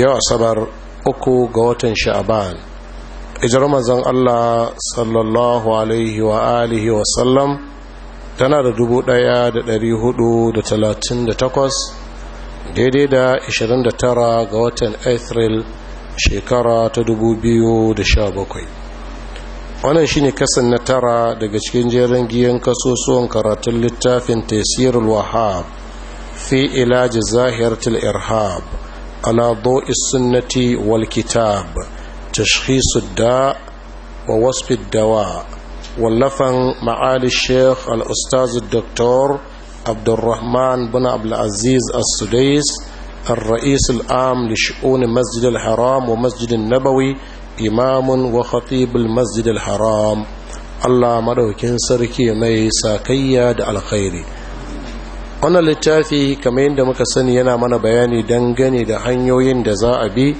yau asabar uku ga watan sha'aban ijar manzon Allah sallallahu alaihi wa alihi wa sallam tana da dubu ɗaya da dari hudu da talatin da takwas daidai da 29 tara ga watan Afril shekara ta dubu biyu da sha bakwai wannan shine kasan na tara daga cikin jerin giyan kasosuwan karatun littafin tesirul wahab fi ilaji zahirtul irhab على ضوء السنة والكتاب تشخيص الداء ووصف الدواء واللفن معالي الشيخ الأستاذ الدكتور عبد الرحمن بن عبد العزيز السديس الرئيس العام لشؤون مسجد الحرام ومسجد النبوي إمام وخطيب المسجد الحرام الله مدوكين سركي مي ساكيا الخيري wannan littafi kamar yadda muka sani yana mana bayani dangane da hanyoyin da za a bi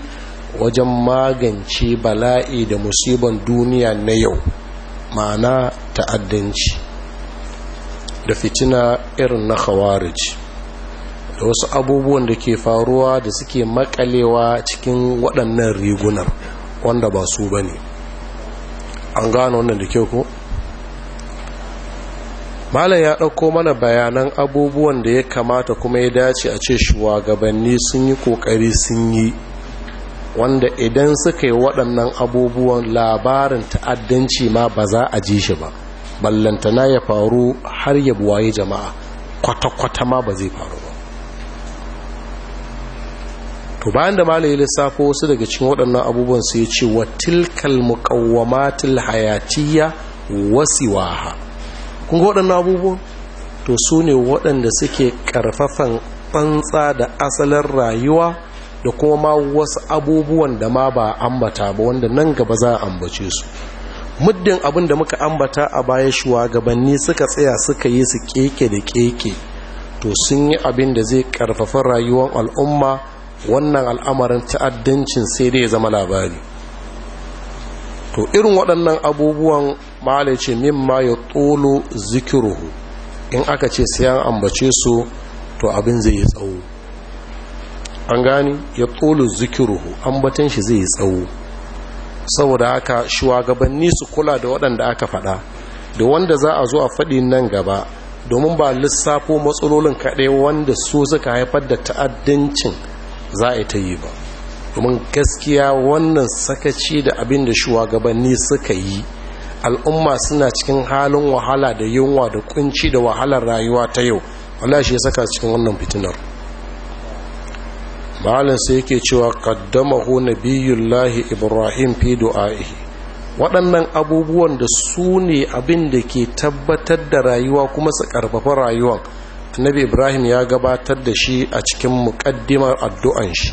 wajen magance bala'i da musiban duniya na yau ma'ana ta'addanci da fitina irin na khawarij da wasu abubuwan da ke faruwa da suke makalewa cikin waɗannan rigunar wanda ba su ba ne an gano wannan da kyau ko malam ya ɗauko mana bayanan abubuwan da ya kamata kuma ya dace a ce shugabanni sun yi ƙoƙari sun yi wanda idan suka yi waɗannan abubuwan labarin ta'addanci ma ba za a ji shi ba ballantana ya faru har ya buwaye jama'a kwata-kwata ma ba zai faru ba to bayan da malaye lissafo wasu daga cikin waɗannan abubuwan su ya ce wa tilkal hayatiya hayatiyya wasiwaha kun waɗannan abubuwan to su ne waɗanda suke ƙarfafan ɓantsa da asalin rayuwa da kuma ma wasu abubuwan da ma ba ambata ba wanda nan gaba za a ambace su muddin abin da muka ambata a baya shugabanni suka tsaya suka yi su keke da keke to sun yi abin da zai karfafa rayuwar al'umma wannan al'amarin ta'addancin sai dai zama labari to irin waɗannan abubuwan malai ce ma ya tsolo zikiruhu in aka ce sai an ambace su to abin zai yi tsawo an gani ya tsolo zikiruhu ambatan shi zai yi tsawo saboda haka shugabanni su kula da waɗanda aka faɗa da wanda za a zo a faɗi nan gaba domin ba lissafo matsalolin kaɗai wanda su suka haifar da ta'addancin za a ta yi ba domin gaskiya wannan sakaci da abin da shugabanni suka yi al'umma suna cikin halin wahala da yunwa da kunci da wahalar rayuwa ta yau wala shi ya saka cikin wannan fitinar malam sai yake cewa qaddamahu nabiyullahi ibrahim fi du'a'ihi waɗannan abubuwan da su ne abin da ke tabbatar da rayuwa kuma su karfafa rayuwan annabi ibrahim ya gabatar da shi a cikin muƙaddimar addu'an shi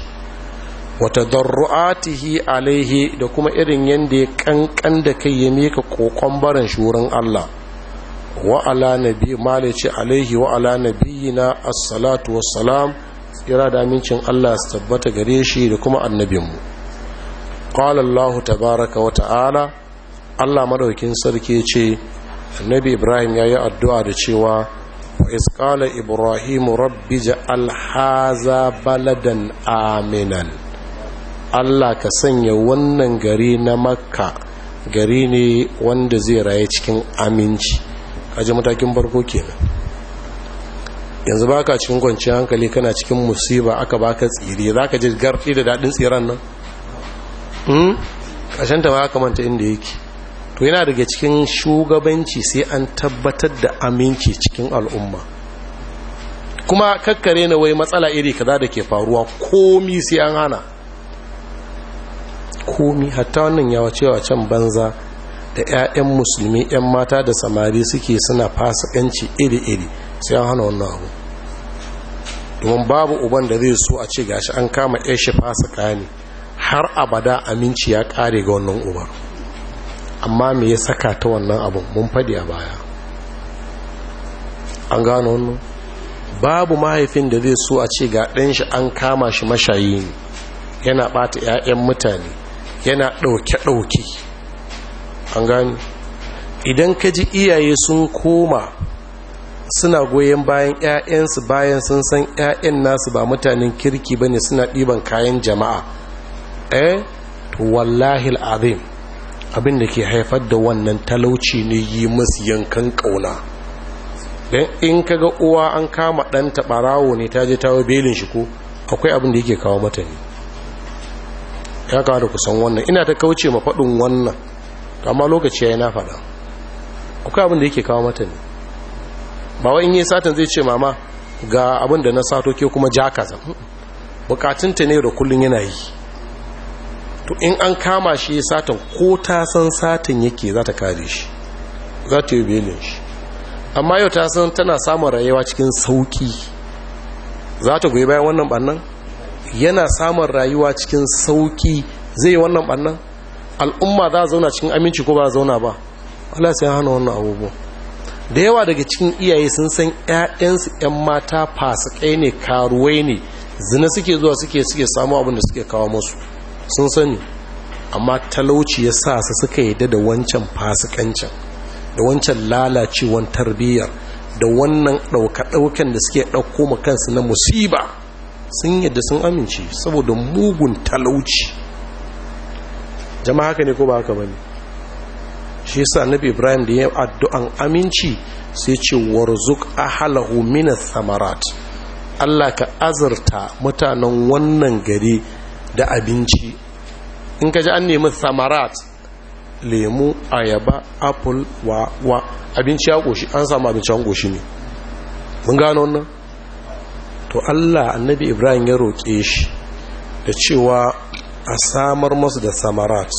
wata darru'atihi alaihi da kuma irin yadda ya kankan da kai ya mika kokon barin shi Allah wa ala nabi malici alaihi wa ala nabiyina assalatu wassalam tsira da amincin Allah su tabbata gare shi da kuma annabinmu qala Allah tabaraka wa ta'ala Allah madaukin sarki ce annabi Ibrahim ya yi addu'a da cewa wa is qala ibrahim rabbi ja'al haza baladan aminan Allah ka sanya wannan gari na makka gari ne wanda zai raye cikin aminci kaji matakin barko kenan yanzu baka cikin kwanciyar hankali kana cikin musiba aka baka tsire zaka ji garfi da daɗin tsiran nan hmm kashin ta ba ka manta inda yake to yana daga cikin shugabanci sai an tabbatar da aminci cikin al'umma kuma kakkare na wai matsala iri kaza da ke faruwa komi sai an hana komi hatta wannan yawa cewa can banza da 'ya'yan musulmi 'yan mata da samari suke suna fasikanci iri-iri sai an hana wannan abu domin babu uban da zai so a ce gashi an kama 'yan shi fasika ne har abada aminci ya kare ga wannan uba amma me ya saka ta wannan abu? mun fadi a baya an gano wannan babu mahaifin da zai so a ce ga ɗan shi an kama shi mashayi ne yana ɓata 'ya'yan mutane yana ɗauke-ɗauke an gani idan ka ji iyaye sun koma suna goyon bayan 'ya'yansu bayan sun san 'ya'yan nasu ba mutanen kirki ba ne suna ɗiban kayan jama'a eh to wallahi al'azim abin da ke haifar da wannan talauci ne yi musu yankan ƙauna don in kaga uwa an kama ɗanta ɓarawo ne ta je ta belin shi ko akwai abin da yake kawo mata ne ya kawo da kusan wannan ina ta kauce ma faɗin wannan amma lokaci ya yi na faɗa akwai abin da yake kawo mata ne ba wa in yi satan zai ce mama ga abinda na sato ke kuma ja kasa bukatunta ne da kullum yana yi to in an kama shi ya satan ko ta san satan yake za ta kare shi za ta yi belin shi amma yau ta san tana samun rayuwa cikin sauki za ta goyi bayan wannan bannan yana samun rayuwa cikin sauki zai yi wannan bannan al'umma za a zauna cikin aminci ko ba a zauna ba Allah sai hana wannan abubuwa da yawa daga cikin iyaye sun san ƴaƴansu ƴan mata fasikai ne karuwai ne zina suke zuwa suke suke samu abin da suke kawo musu sun sani amma talauci ya sa su suka yi da wancan fasikancin da wancan lalacewan tarbiyyar da wannan ɗauka-ɗaukan da suke ɗauko kansu na musiba sun yadda sun amince saboda mugun talauci jama'a haka ne ko ba haka bane shi yasa annabi ibrahim da ya yi addu'an aminci sai ce warzuk ahalahu min samarat Allah ka azarta mutanen wannan gari da abinci in ka ji an nemi samarat lemu ayaba apple wa wa abinci ya koshi an samu abinci an koshi ne mun gano wannan to Allah annabi Ibrahim ya roƙe shi da cewa a samar masu da samarat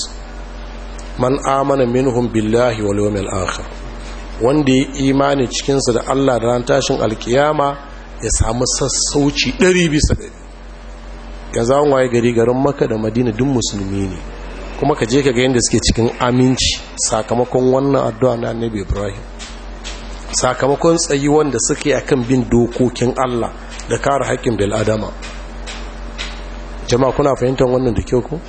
man amana minhum billahi wal yawmil akhir wanda ya imani cikin da Allah da ran tashin alkiyama ya samu sassauci 200 bisa 100 yanzu an waye gari garin Makka da Madina duk musulmi ne kuma ka je ka ga yadda suke cikin aminci sakamakon wannan addu'a na annabi Ibrahim sakamakon tsayi wanda suke akan bin dokokin Allah da kare haƙƙin bil'adama jama'a kuna fahimtar wannan da kyau ku?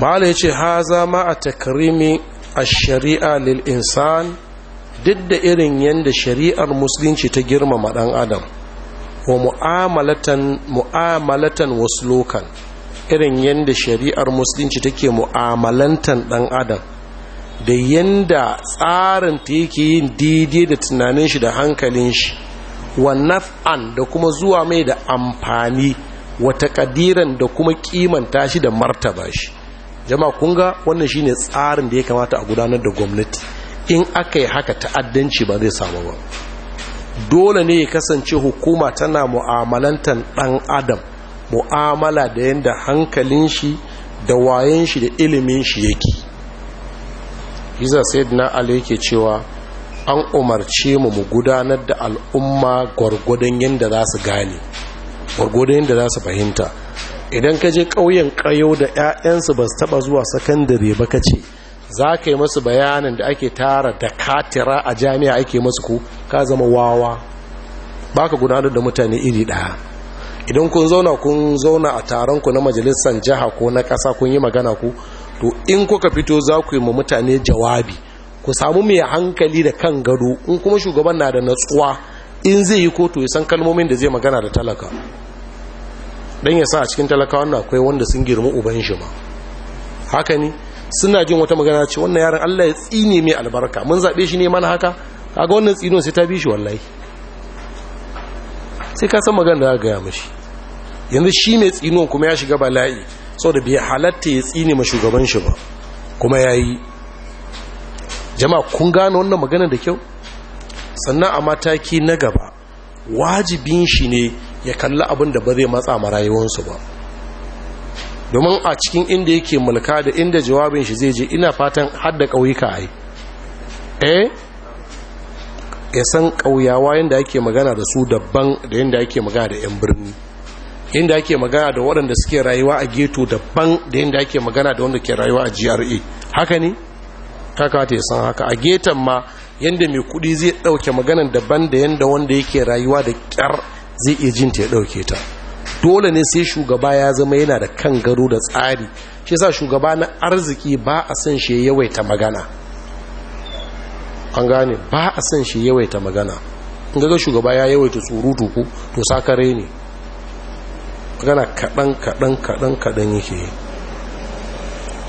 ma'ala ya ce ha ma a takarimi a shari'a lil insan duk da irin yadda shari'ar musulunci ta girmama ɗan adam wa mu'amalatan mu'amalatan waslokan irin yadda shari'ar musulunci take mu'amalantan ɗan adam da yanda tsarin ta yake yin daidai da tunanin shi da hankalin shi wa naf'an da kuma zuwa mai da amfani wata kadiran da kuma kimanta shi da martaba shi jama kun ga wannan shine tsarin da ya kamata a gudanar da gwamnati in aka yi haka ta'addanci ba zai samu ba dole ne ya kasance hukuma tana mu'amalantar dan adam mu'amala da yadda hankalin shi da wayen shi da ilimin shi yake isa sayyidina ali yake cewa an umarce mu mu gudanar da al'umma gwargwadon yadda za su gane gwargwadon yadda za su fahimta idan ka je ƙauyen ƙayo da 'ya'yansu ba su taɓa zuwa sakandare ba ka ce za ka yi masu bayanin da ake tara da katira a jami'a ake masu ku ka zama wawa ba ka gudanar da mutane iri ɗaya idan kun zauna kun zauna a taron ku na majalisar jiha ko na ƙasa kun yi magana ku to in kuka fito za ku yi ma mutane jawabi ku samu mai hankali da kan gado in kuma shugaban na da natsuwa in zai yi kotu ya san kalmomin da zai magana da talaka don ya sa a cikin talaka wannan akwai wanda sun girma uban shi ma haka ne suna jin wata magana ce wannan yaran allah ya tsine mai albarka mun zaɓe shi ne mana haka kaga wannan tsino sai ta bi shi wallahi sai ka san magana da gaya mashi yanzu shi mai tsinon kuma ya shiga bala'i da bai halatta ya tsine ma shugaban shi ba kuma ya yi jama'a kun gane wannan magana da kyau sannan a mataki na gaba wajibin shi ne ya kalli abin da ba zai matsa ma rayuwarsu ba domin a cikin inda yake mulka da inda jawabin shi zai je ina fatan hadda ƙauyuka yi eh ya san ƙauyawa yadda ake magana da su dabban da yadda ake magana da 'yan birni inda ake magana da waɗanda suke rayuwa a geto daban da inda ake magana da wanda ke rayuwa a GRA haka ne kaka ta san haka a getan ma yadda mai kudi zai dauke maganan daban da yanda wanda yake rayuwa da kyar zai iya jinta ya ɗauke ta dole ne sai shugaba ya zama yana da kan garo da tsari shi sa shugaba na arziki ba a san shi yawaita magana an gane ba a san shi yawaita magana in ga shugaba ya yawaita surutu ko to sakare ne magana kaɗan kaɗan kaɗan kaɗan yake yi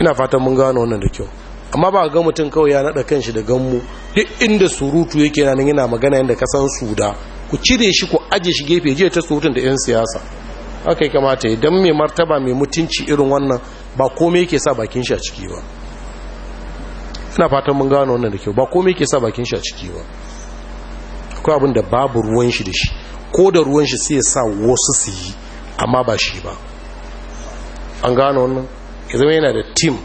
ina fatan mun gano wannan da kyau amma ba ga mutum kawai ya naɗa kanshi da ganmu duk inda surutu yake nan yana magana yadda ka san suda ku cire shi ku aje shi gefe jiya ta surutun da 'yan siyasa haka ya kamata idan mai martaba mai mutunci irin wannan ba komai yake sa bakin shi a ciki ba ina fatan mun gano wannan da kyau ba komai yake sa bakin shi a ciki ba akwai abin da babu ruwan shi da shi ko da ruwan shi sai ya sa wasu su yi amma ba shi ba an gano wannan ya yana da tim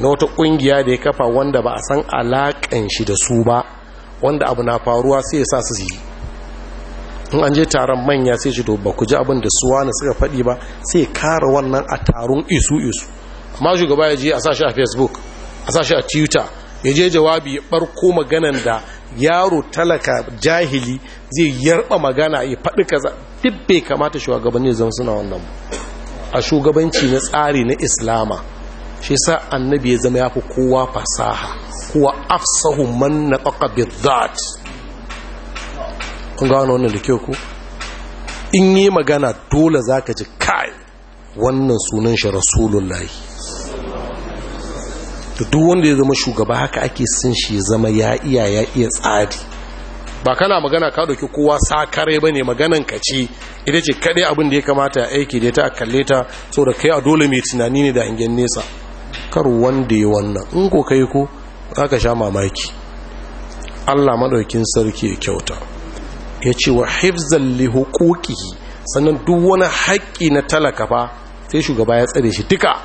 na wata kungiya da ya kafa wanda ba a san alakan shi da su ba wanda abu na faruwa sai ya sa su yi in an je taron manya sai shi to ku ji abin da suwa na suka faɗi ba sai kara wannan a taron isu isu amma shugaba ya je a sashi a facebook a sashi a twitter ya je jawabi ya ɓarko maganan da yaro talaka jahili zai yarɓa magana ya faɗi kaza duk bai kamata shugabanni zama suna wannan a shugabanci na tsari na islama shi sa annabi ya zama ya fi kowa fasaha kuwa afsahu man na ƙaƙa bizzat kun gano wannan da kyau ku in yi magana dole za ka ji kai wannan sunan shi rasulullahi da duk wanda ya zama shugaba haka ake sun shi zama ya iya ya iya tsari ba kana magana ka ɗauki kowa sakare ba ne maganan ka ce ita ce kaɗai abin da ya kamata ya aiki da ta a kalle ta so da kai a dole mai tunani ne da hangen nesa kar wanda ya wannan in ko kai ko za ka sha mamaki allah maɗaukin sarki ya kyauta ya ce wa Hifzal li huquqihi sannan duk wani haƙƙi na talaka fa sai shugaba ya tsare shi duka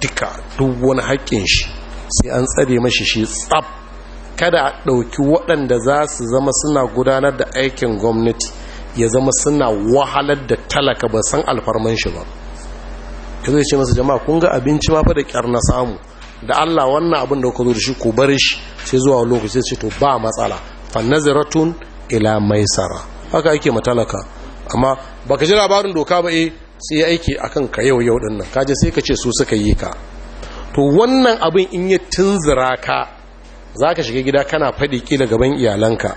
duka duk wani haƙƙin shi sai an tsare mashi shi tsab kada a ɗauki waɗanda za su zama suna gudanar da aikin gwamnati ya zama suna wahalar da talaka ba san alfarman shi ba ya zai ce masa jama'a kun ga abinci ma fa da kyar na samu da Allah wannan abin da kuka zo da shi ku bar shi sai zuwa lokaci sai to ba matsala fa nazaratun ila maisara haka ake matalaka amma baka ji labarin doka ba e sai ya aiki akan ka yau yau dinnan nan kaje sai ka ce su suka yi ka to wannan abin in ya tunzura ka za ka shiga gida kana faɗi ƙila gaban iyalanka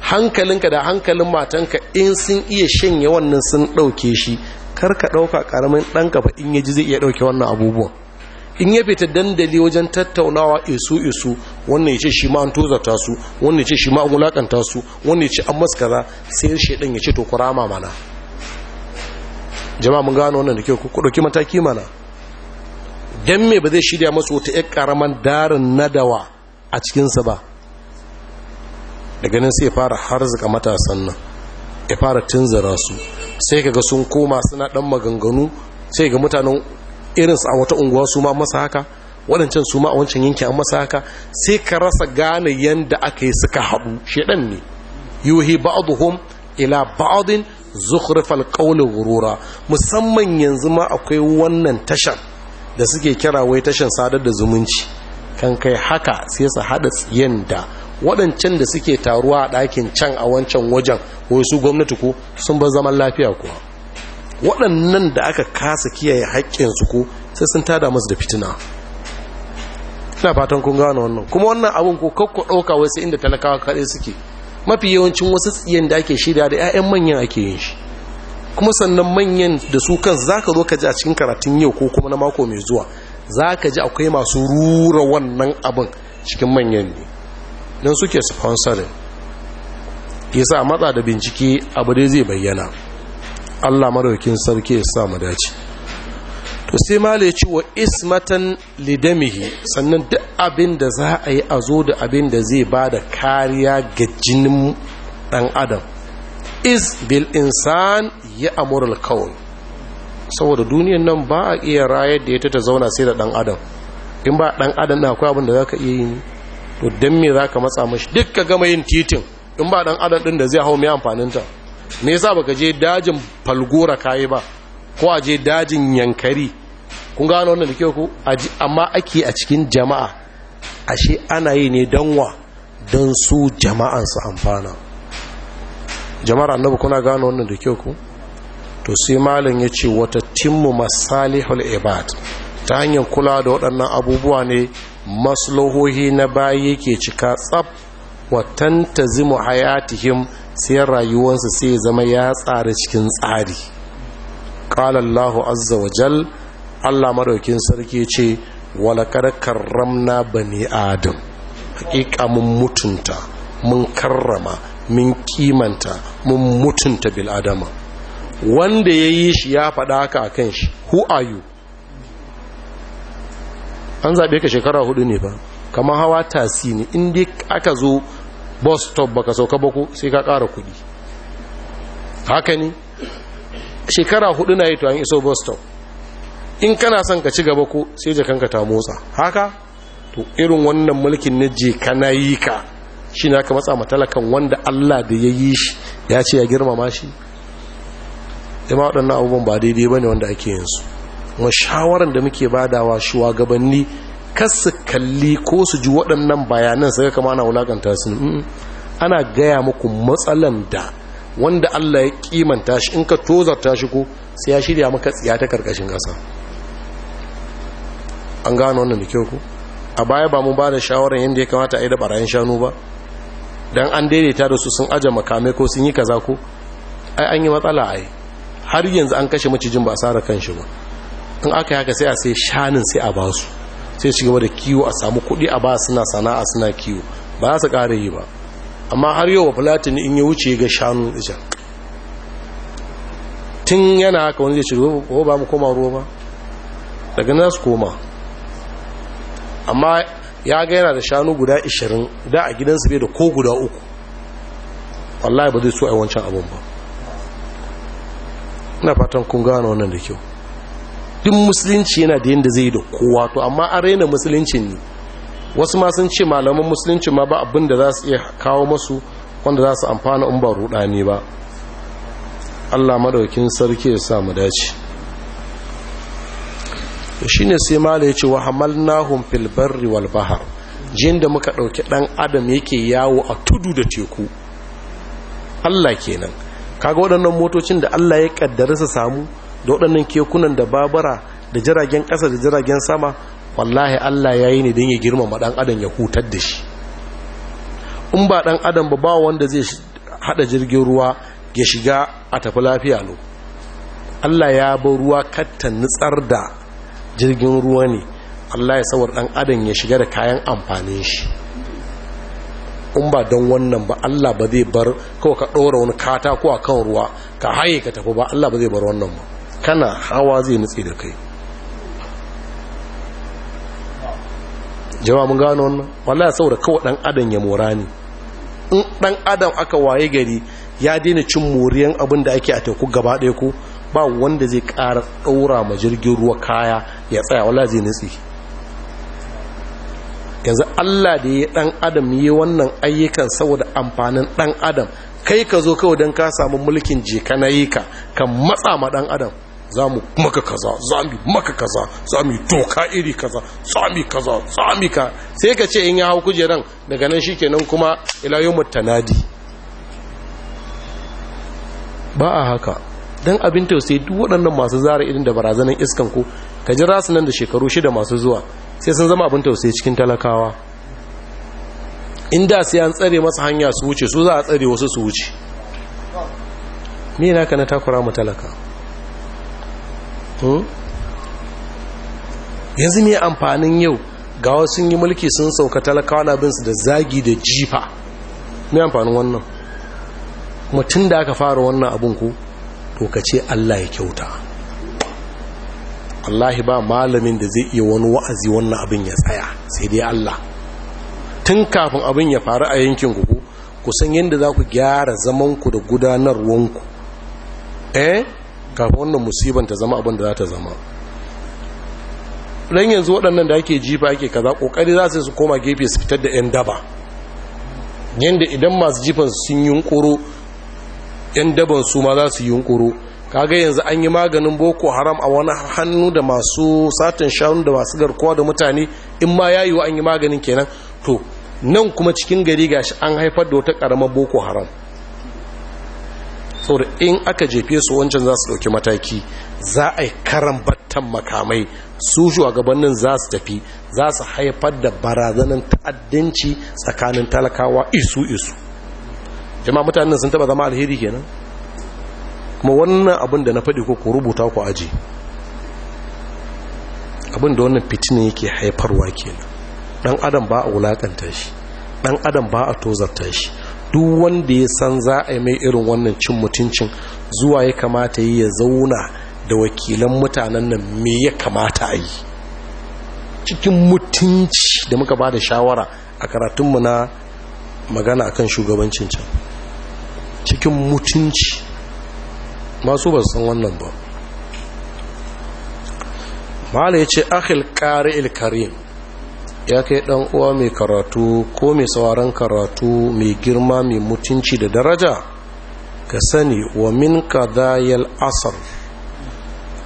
hankalinka da hankalin matanka in sun iya shanye wannan sun ɗauke shi kar ka ɗauka ƙaramin ɗanka in yaji zai iya ɗauke wannan abubuwan in ya fita dandali wajen tattaunawa isu isu wannan ya ce shi ma an tozarta su wannan ya ce shi ma an wulakanta su wannan ya ce an maskara sai shaidan ya ce to kurama mana jama'a mun gano wannan da kyau ku ɗauki mataki mana dan me ba zai shirya masu wata ƴar ƙaraman darin nadawa a cikinsa ba daga nan sai fara harzuka matasan nan ya fara tunzara su sai kaga sun koma suna dan maganganu sai ga mutanen irinsu a wata unguwa su ma masa haka Wadancan su ma a wancan yanki an masa haka sai ka rasa gane yadda aka yi suka haɗu shaɗan ne yuhi ba'aduhum ila ba'adin zukhrifal qawli gurura musamman yanzu ma akwai wannan tashar da suke kira wai tashan sadar da zumunci kan kai haka sai su haɗa tsiyan da waɗancan da suke taruwa a ɗakin can a wancan wajen wai su gwamnati ko sun bar zaman lafiya ko waɗannan da aka kasa kiyaye haƙƙinsu ko sai sun tada musu da fitina ina fatan kun gano wannan kuma wannan abin ko kakko ɗauka sai inda talakawa kaɗai suke mafi yawancin wasu tsiyen da ake shirya da 'ya'yan manyan ake yin shi kuma sannan manyan da su kan za ka zo ka ji a cikin karatun yau ko kuma na mako mai zuwa za ka ji akwai masu rura wannan abin cikin manyan ne don suke sponsorin yasa matsa da bincike abu dai zai bayyana allah maraukin sarki ya sa mu dace to sai mala ya ci wa ismatan lidamihi sannan duk abin da za a yi a zo da abin da zai ba da kariya ga jinin dan adam is bil insan ya amurul kawai saboda duniyan nan ba a iya rayar da ya ta zauna sai da dan adam in ba dan adam na akwai abin da zaka iya yi to dan me zaka matsa mashi duk ka gama yin titin in ba dan adam din da zai hau mai amfanin ta me yasa baka je dajin falgora kai ba ko a je dajin yankari kun gano wannan da kyau ku amma ake a cikin jama'a ashe ana yi ne dan wa dan su jama'an su amfana jama'ar annabi kuna gano wannan da kyau ku to sai malam ya ce wata timmu masalihul ibad ta hanyar kula da waɗannan abubuwa ne maslahohi na bayi ke cika tsab watan ta zimu hayatihim sai rayuwarsu sai zama ya tsari cikin tsari ƙalallahu azza wa jal allah maɗaukin sarki ce walakar karramna bani adam haƙiƙa mun mutunta mun karrama mun kimanta mun mutunta bil'adama wanda ya yi shi ya faɗa haka a kan shi who are you an zaɓe ka shekara hudu ne ba kamar hawa tasi ne inda aka zo bus stop baka sauka bako sai ka ƙara kuɗi haka ne shekara hudu na yi to an iso bus stop in kana son ka ci gaba ko sai jakanka ta motsa haka to irin wannan mulkin na je kana yi ka shi na ka matsa matalakan wanda allah da ya yi shi ya ce ya girmama shi ima waɗannan abubuwan ba daidai ba ne wanda ake yin su kuma shawaran da muke badawa shugabanni kas su kalli ko su ji waɗannan bayanan sai kama ana wulaƙanta su ana gaya muku matsalan da wanda Allah ya kimanta shi in ka ta shi ko sai ya shirya maka tsiya ta karkashin ƙasa an gano wannan da kyau ku a baya ba mu ba da shawarar yadda ya kamata a yi da barayin shanu ba don an daidaita da su sun aje makamai ko sun yi kaza ko ai an yi matsala ai har yanzu an kashe macijin ba a sara kanshi ba in aka haka sai a sai shanin sai a ba su sai su gaba da kiwo a samu kuɗi a ba suna sana'a suna kiwo ba za su ƙara yi ba amma har yau wa platin in yi wuce ga shanu ija tun yana haka wani zai shiga ruwa ba mu koma ruwa ba daga nasu koma amma ya ga yana da shanu guda 20 da a gidansu bai da ko guda uku wallahi ba zai so a yi wancan abun ba ina fatan kun gano wannan da kyau duk musulunci yana da yadda zai yi da kowa to amma an raina musuluncin ne wasu ma sun ce malaman musulunci ma ba abin da za su iya kawo masu wanda za su amfana in ba rudani ba Allah madaukin sarki ya sa mu dace shine sai mala yace wa hamalnahum fil barri wal bahr jin da muka ɗauki ɗan adam yake yawo a tudu da teku Allah kenan kaga waɗannan motocin da Allah ya kaddara su samu da waɗannan kekunan da babura da jiragen ƙasa da jiragen sama wallahi Allah ya yi ne don ya girmama ɗan adam ya hutar da shi in ba ɗan adam ba ba wanda zai haɗa jirgin ruwa ya shiga a tafi lafiya lo Allah ya ba ruwa katta nutsar da jirgin ruwa ne Allah ya sawar ɗan adam ya shiga da kayan amfanin shi in ba don wannan ba Allah ba zai bar kawai ka ɗora wani katako a kan ruwa ka haye ka tafi ba Allah ba zai bar wannan ba kana hawa zai nutse da kai jama'a mun gano wannan wallahi saboda kawai dan adam ya mora ni in dan adam aka waye gari ya daina cin moriyan abin da ake a teku gaba ɗaya ko ba wanda zai ƙara ɗora ma jirgin ruwa kaya ya tsaya wallahi zai nutse yanzu Allah da ya dan adam yi wannan ayyukan saboda amfanin dan adam kai ka zo kawai don ka samu mulkin jeka ka na yi ka kan matsa ma dan adam za mu maka kaza za mu maka kaza za mu doka iri kaza za mu kaza za mu ka sai ka ce in ya hau kujeran daga nan shikenan kuma ila mutanadi. ba a haka dan abin tausayi duk waɗannan masu zara irin da barazanan iskan ko ka jira su nan da shekaru shida masu zuwa sai sun zama abin tausayi cikin talakawa inda sai an tsare masa hanya su wuce su za a tsare wasu su wuce me yana ka na takura mu talaka hmm? yanzu ne amfanin yau ga wasu yi mulki sun sauka talakawa na binsu da zagi da jifa ne amfanin wannan mutum da aka fara wannan abin ku to ka ce allah ya kyauta wallahi ba malamin da zai iya wani wa'azi wannan abin ya tsaya sai dai Allah tun kafin abin ya faru a yankin ku ku san yadda za ku gyara zamanku da gudanarwanku eh kafin wannan musibin ta zama abin da za ta zama dan yanzu waɗannan da ake jifa ake kaza kokari za su su koma gefe su fitar da yan daba yanda idan masu jifan sun yunkuro yan daban su ma za su yunkuro kaga yanzu an yi maganin boko haram a wani hannu da masu satin shanu da masu garkuwa da mutane in ma ya wa an yi maganin kenan to nan kuma cikin gari gashi an haifar da wata karamar boko haram saboda in aka jefe su wancan za su dauki mataki za a yi karan battan makamai su shugabannin za su tafi za su haifar da barazanin ta'addanci tsakanin talakawa isu isu jama mutanen sun taba zama alheri kenan kuma wannan abin da na faɗi ko ku rubuta ku aji abin da wannan fitina yake haifarwa kenan dan adam ba a wulakanta shi dan adam ba a tozarta shi duk wanda ya san za a yi mai irin wannan cin mutuncin zuwa ya kamata yi ya zauna da wakilan mutanen nan me ya kamata a yi cikin mutunci da muka ba da shawara a karatunmu na magana akan shugabancin can cikin mutunci masu ba san wannan ba mala ya ce akhil kare ilkarim ya kai ɗan uwa mai karatu ko mai sauran karatu mai girma mai mutunci da daraja ka sani wa min kadayal asar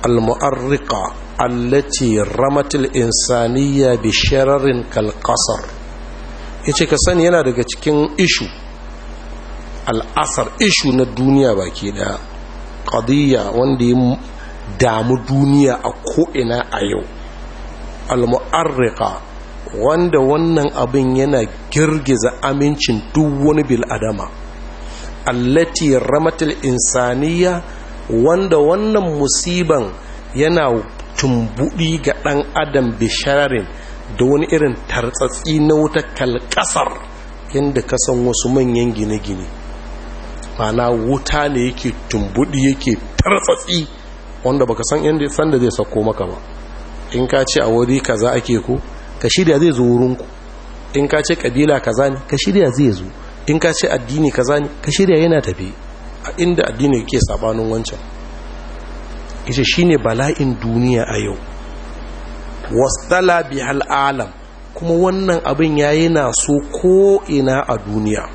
al-mu'arriqa allati ramatil insaniya bi shararin kalkasar ya ce ka sani yana daga cikin ishu al'asar ishu na duniya baki daya qadiyya wanda ya damu duniya a ko'ina a yau al-mu'arriqa wanda wannan abin yana girgiza amincin duk wani bil'adama allati ramatil insaniya wanda wannan musiban yana tumbudi ga ɗan adam bisharin da wani irin tartsatsi na wuta kalkasar yadda kasan wasu manyan gine-gine mana wuta ne yake tumbudi yake tarfatsi wanda baka san inda san zai sako maka ba in ka ce a wuri kaza ake ku ka shirya zai zo wurin in ka ce kabila kaza ne ka shirya zai zo in ka ce addini kaza ne ka shirya yana tafi a inda addini ke sabanin wancan ita shine bala'in duniya a yau wasdala bihal alam kuma wannan abin yayi na so ko'ina a duniya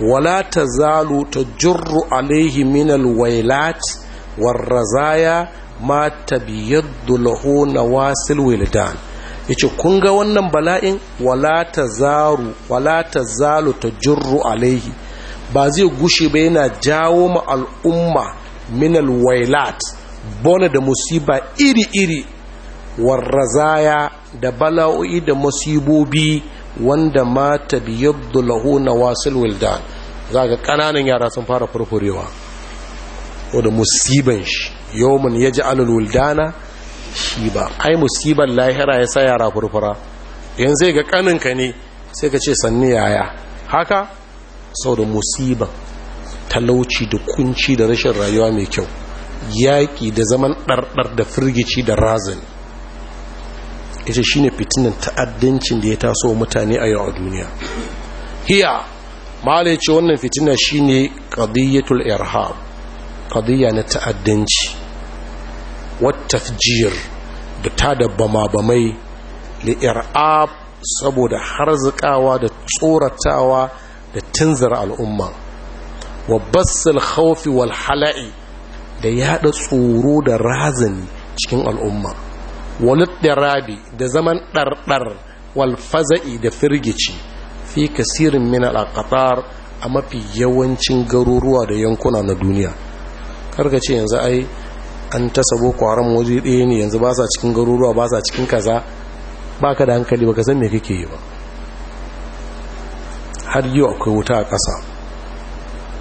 wala ta zalu ta jirru alaihi minal wailat warrazaya ma نواس lahu yace kun ga wannan bala'in wala ta zaru wala ta zalu ta jirru alaihi ba zai gushe ba yana jawo ma al'umma minal wailat bona da musiba iri-iri warrazaya da bala'o'i da musibobi wanda mata biyabdu lahu nawasil wildan za ga ƙananan yara sun fara furfurewa wadda musiban shi yawon ya ji alul wildana shi ba ai musiban lahira ya sa yara furfura yanzu ga ka ne sai ka ce sannu yaya haka sau da talauci da kunci da rashin rayuwa mai kyau yaƙi da zaman ɗarɗar da firgici da razani ya shi ne fitinan ta'addancin da ya taso mutane a yau a duniya hiya ma'ala ya ce wannan fitina shi ne ƙadiyyatul irhab ƙadiyya na ta'addanci watafjir da ta da bama-bamai li'ir'ab saboda harzikawa da tsoratawa da tunzara al'umma wa bassil khawfi wal hala'i da yada tsoro da razani cikin al'umma walittirabi da zaman ɗarɗar walfaza'i da firgici fi kasirin min al'aqatar a mafi yawancin garuruwa da yankuna na duniya karka ce yanzu ai an ta sabo kwaran waje ɗaya ne yanzu ba sa cikin garuruwa ba sa cikin kaza ba ka da hankali ba ka san me kake yi ba har yi akwai wuta a ƙasa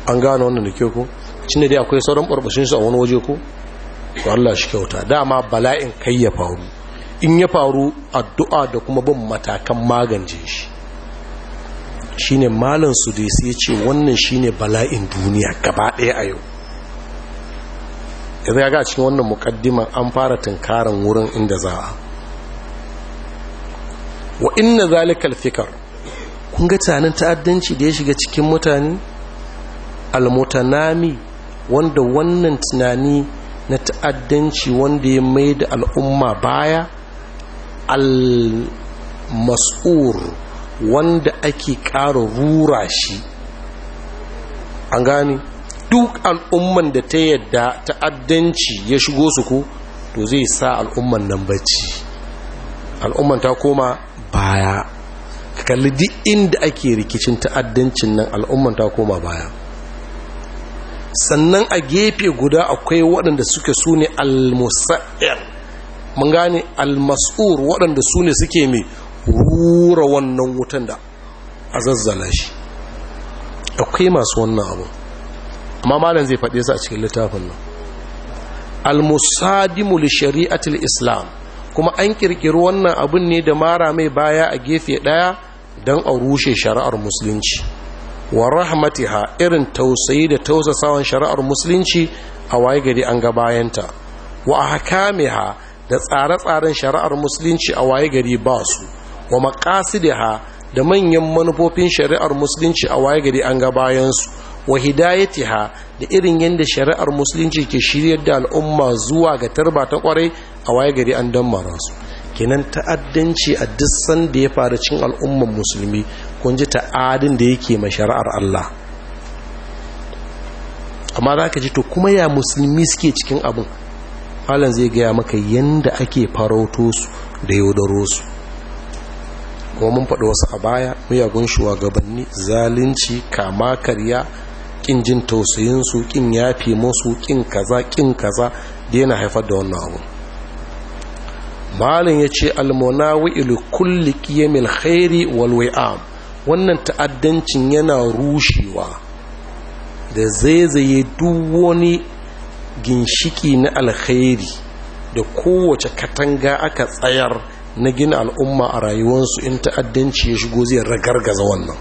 an gane wannan da ke ku shi dai akwai sauran ɓarɓashin su a wani waje ku. to Allah shi kyauta dama bala'in kai ya faru in ya faru addu'a da kuma bin matakan magance shi shine malam sudaisi ya ce wannan shine bala'in duniya gaba ɗaya a yau yanzu ga cikin wannan mukaddima an fara tunkaran wurin inda za a wa inna zalikal fikar kun ga tunanin ta'addanci da ya shiga cikin mutane almutanami wanda wannan tunani na ta'addanci wanda ya mai da al'umma baya al-mas'ur wanda ake ƙara rura shi an gani duk al'umman da ta yadda ta'addanci ya shigo su ko to zai sa al'umman nan bacci al'umman ta koma baya kalli duk inda ake rikicin ta'addancin nan al'umman ta koma baya sannan a gefe guda akwai waɗanda suke su ne almusa'ir mun gane almas'ur waɗanda su ne suke mai rura wannan wutan da a zazzala shi akwai masu wannan abu amma malam zai faɗe su a cikin littafin nan almusadimu li shari'atul islam kuma an kirkiri wannan abun ne da mara mai baya a gefe ɗaya don a rushe shari'ar musulunci wa rahmatiha irin tausayi da tausasawan shari'ar musulunci a waye gari an ga bayanta wa ahkamiha da tsare-tsaren shari'ar musulunci a waye gari ba su wa maqasidiha da manyan manufofin shari'ar musulunci a waye gari an ga wa hidayatiha da irin yadda shari'ar musulunci ke shiryar da al'umma zuwa ga tarba ta kwarai a waye gari an dammara su kenan ta'addanci a duk da ya fara cin al'umman musulmi kun ji ta'adin da yake ma shari'ar Allah amma za ka ji to kuma ya musulmi suke cikin abin malam zai gaya maka yadda ake farauto su da yaudaro su kuma mun faɗi wasu a baya miyagun shugabanni zalunci kama karya ƙin jin tausayinsu ƙin yafe musu ƙin kaza ƙin kaza da yana haifar da wannan abu malin ya ce almonawi ilu kulli kiyamil khairi walwai'am wannan ta'addancin yana rushewa da zaizaye duk wani ginshiki na alkhairi da kowace katanga aka tsayar na gina al'umma a rayuwarsu in ta'addanci ya shigo zai ragargaza wannan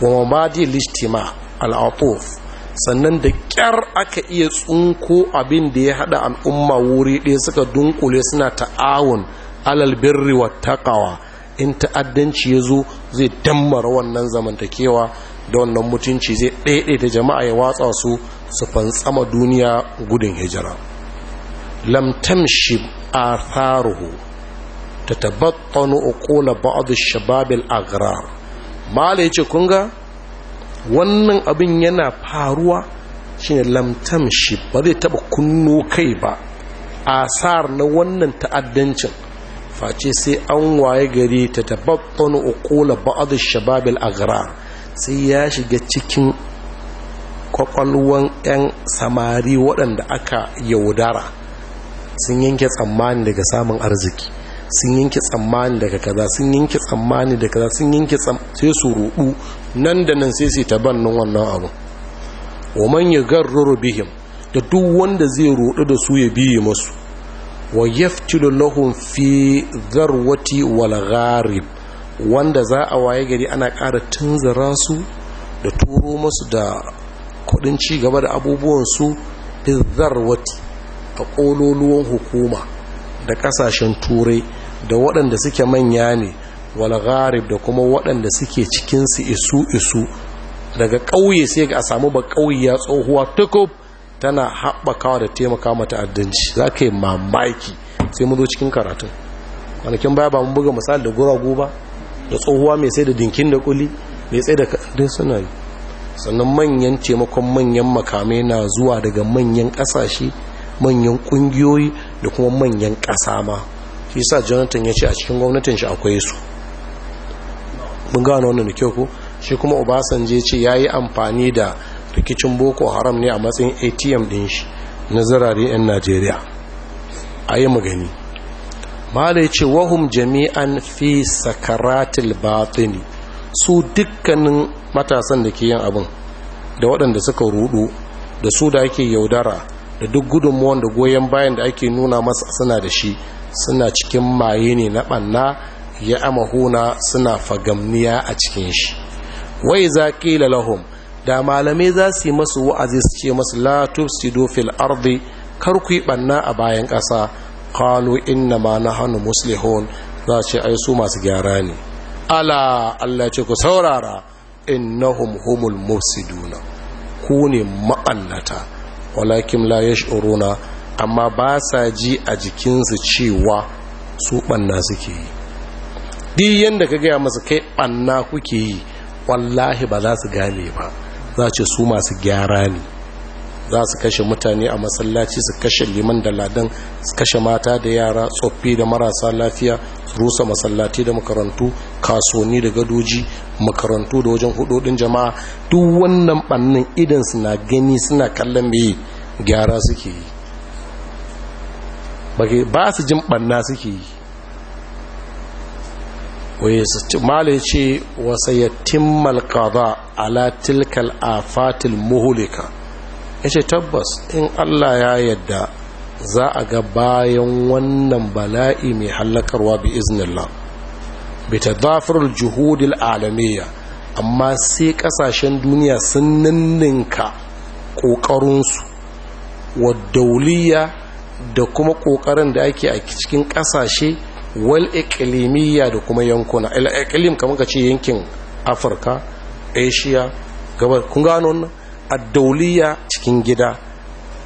wa mamadi listima al'atuf sannan da kyar aka iya tsunko abin da ya hada al'umma wuri ɗaya suka dunkule suna ta'awun alal birri wa taqawa in ta'addanci ya zo zai dammara wannan zamantakewa da wannan mutunci zai da jama'a ya watsa su su fantsama duniya gudun hijira a tamshi ta tatabattanu uqula ba'd ba'adu shabab al ma mala yace kun ga wannan abin yana faruwa shine lamtam shi ba zai taba kunno kai ba asar na wannan ta'addancin face sai an waye gari ta tabattanu na ba'd ash-shabab al sai ya shiga cikin kwakwalwan 'yan samari waɗanda aka yaudara sun yanke tsammani daga samun arziki sun yanke tsammani daga kaza sun yanke tsammani daga kaza sun yanke sai su rudu nan da nan sai sai ta bannin wannan abu wa man yagarruru bihim da duk wanda zai rudu da su ya biye masu wa yaftilu lahum fi dharwati wal gharib wanda za a waye gari ana ƙara tunzura su da turo musu da kudin ci gaba da abubuwan su fi dharwati a kololuwan hukuma da kasashen turai da waɗanda suke manya ne gharib da kuma waɗanda suke cikin su isu isu daga ƙauye sai ga a samu ba ƙauye tsohuwa tukub tana haɓakawa da taimaka mata addanci za ka yi mamaki sai mu zo cikin karatun kwanakin baya ba mun buga misali da guragu ba da tsohuwa mai sai da dinkin da kuli mai sai da kaɗin suna yi sannan manyan taimakon manyan makamai na zuwa daga manyan ƙasashe manyan ƙungiyoyi da kuma manyan ƙasa ma shi sa jonathan ya ce a cikin gwamnatin shi akwai su mun gano wannan da kyau ko shi kuma obasanje ce ya yi amfani da rikicin boko haram ne a matsayin atm din shi na zirarin 'yan najeriya a yi magani mala ya wahum jami'an fi sakaratil batini su dukkanin matasan da ke yin abin da waɗanda suka rudu da su da ake yaudara da duk gudunmuwan da goyon bayan da ake nuna masa suna da shi suna cikin maye ne na ɓanna ya amahuna suna fagamniya a cikin shi wai za ƙila lahum da malamai za su yi masu wa'azi su ce masu la tufsidu fil ardi kar ku yi ɓanna a bayan ƙasa qalu inna ma na nahnu muslihun za ce ai su masu gyara ne ala Allah ce ku saurara innahum humul mufsiduna ku ne ma'annata walakin la yash'uruna amma ba sa ji a jikinsu cewa su ɓanna suke yi duk yadda ka gaya masa kai ɓanna kuke yi wallahi ba za su gane ba za ce su masu gyara ne za su kashe mutane a masallaci su kashe liman da ladan su kashe mata da yara tsoffi da marasa lafiya su rusa masallaci da makarantu kasuwanni da gadoji makarantu da wajen hudodin jama'a duk wannan bannin idan suna gani suna kallon mai gyara suke yi ba su jin banna suke yi mala ce wasa ya timmal kaza ala tilkal afatil muhulika ya ce tabbas in allah ya yadda za a ga bayan wannan bala'i mai hallakarwa bi iznillah bi ta zafirar juhudil alamiya amma sai kasashen duniya sun ninninka ƙoƙarinsu wa wuliya da kuma ƙoƙarin da ake a cikin ƙasashe wal iklimiyya da kuma yankuna al kamar ka ce yankin afirka asia gabar kun gano nan ad cikin gida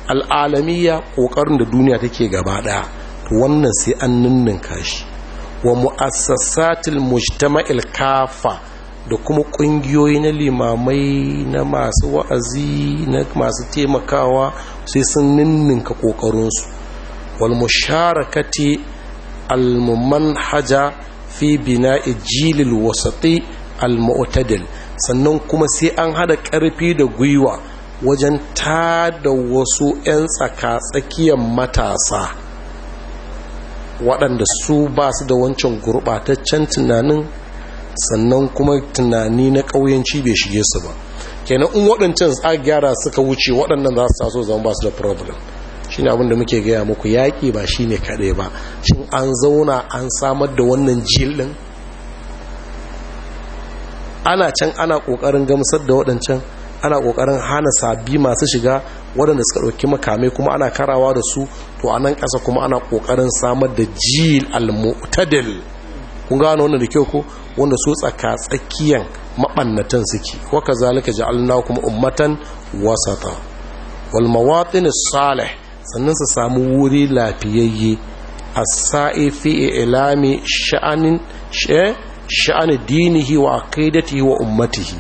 al'alamiya ƙoƙarin da duniya take gaba ɗaya wannan sai an nunnun kashi. wa mu'assasatil mujtama'il kafa da kuma ƙungiyoyi na limamai na masu wa'azi na masu taimakawa sai sun ninninka ƙoƙarinsu wal musharakati al-mumanhaja fi bina'i jilil wasati al sannan kuma sai an hada karfi da gwiwa wajen tada wasu 'yan tsaka-tsakiyar matasa waɗanda su ba su da wancan gurɓataccen tunanin sannan kuma tunani na ƙauyenci bai shige su ba kenan in waɗancan a gyara suka wuce waɗannan za su taso zama ba su da problem shi ne abinda muke gaya muku yaƙi ba shi ne kaɗai ba shin an zauna an samar da wannan jilin ana can ana ƙoƙarin gamsar da waɗancan ana ƙoƙarin hana sabi masu shiga waɗanda suka ɗauki makamai kuma ana karawa da su to a nan ƙasa kuma ana ƙoƙarin samar da jil al-mu'tadil kun gano wannan da kyau ko wanda su tsaka tsakiyan maɓannatan suke waka zalika kuma ummatan wasata wal mawatin salih sannan su samu wuri lafiyayye a sa'i fi ilami sha'anin eh, sha'ani dinihi wa kaidati wa ummatihi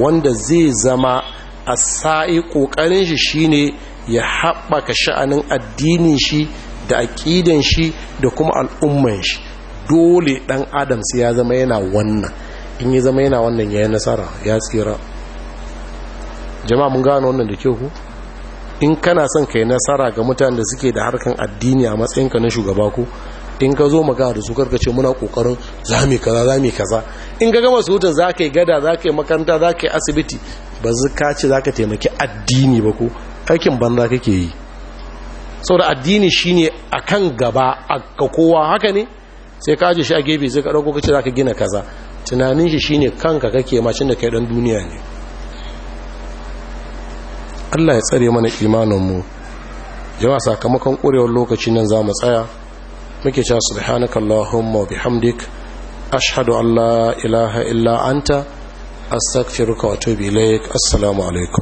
wanda zai zama a sa'i kokarin shi shine ya haɓaka sha'anin addinin shi da aƙidan shi da kuma al'umman shi dole ɗan adam sai ya zama yana wannan in ya zama yana wannan ya yi nasara ya tsira jama'a mun gano wannan da kyau ku in kana son kai nasara ga mutanen da suke da harkan addini a matsayinka na shugaba ko in ka zo magana da su karka ce muna kokarin mu kaza mu kaza in ka gama sutan, za ka yi gada za ka yi makaranta za ka yi asibiti ba zai ka za ka taimaki addini ba ko aikin banza kake yi saboda addini shine a kan gaba a kowa haka ne sai ka ji shi a gefe sai ka ɗauko ka za ka gina kaza tunanin shi shine kanka kake mashin da kai dan duniya ne Allah ya tsare mana imaninmu jama sakamakon ƙurewar lokaci nan za mu tsaya muke cewa subhanaka allahumma wa bihamdik ashhadu an la ilaha illa anta astaghfiruka wa atubu ilaik assalamu alaikum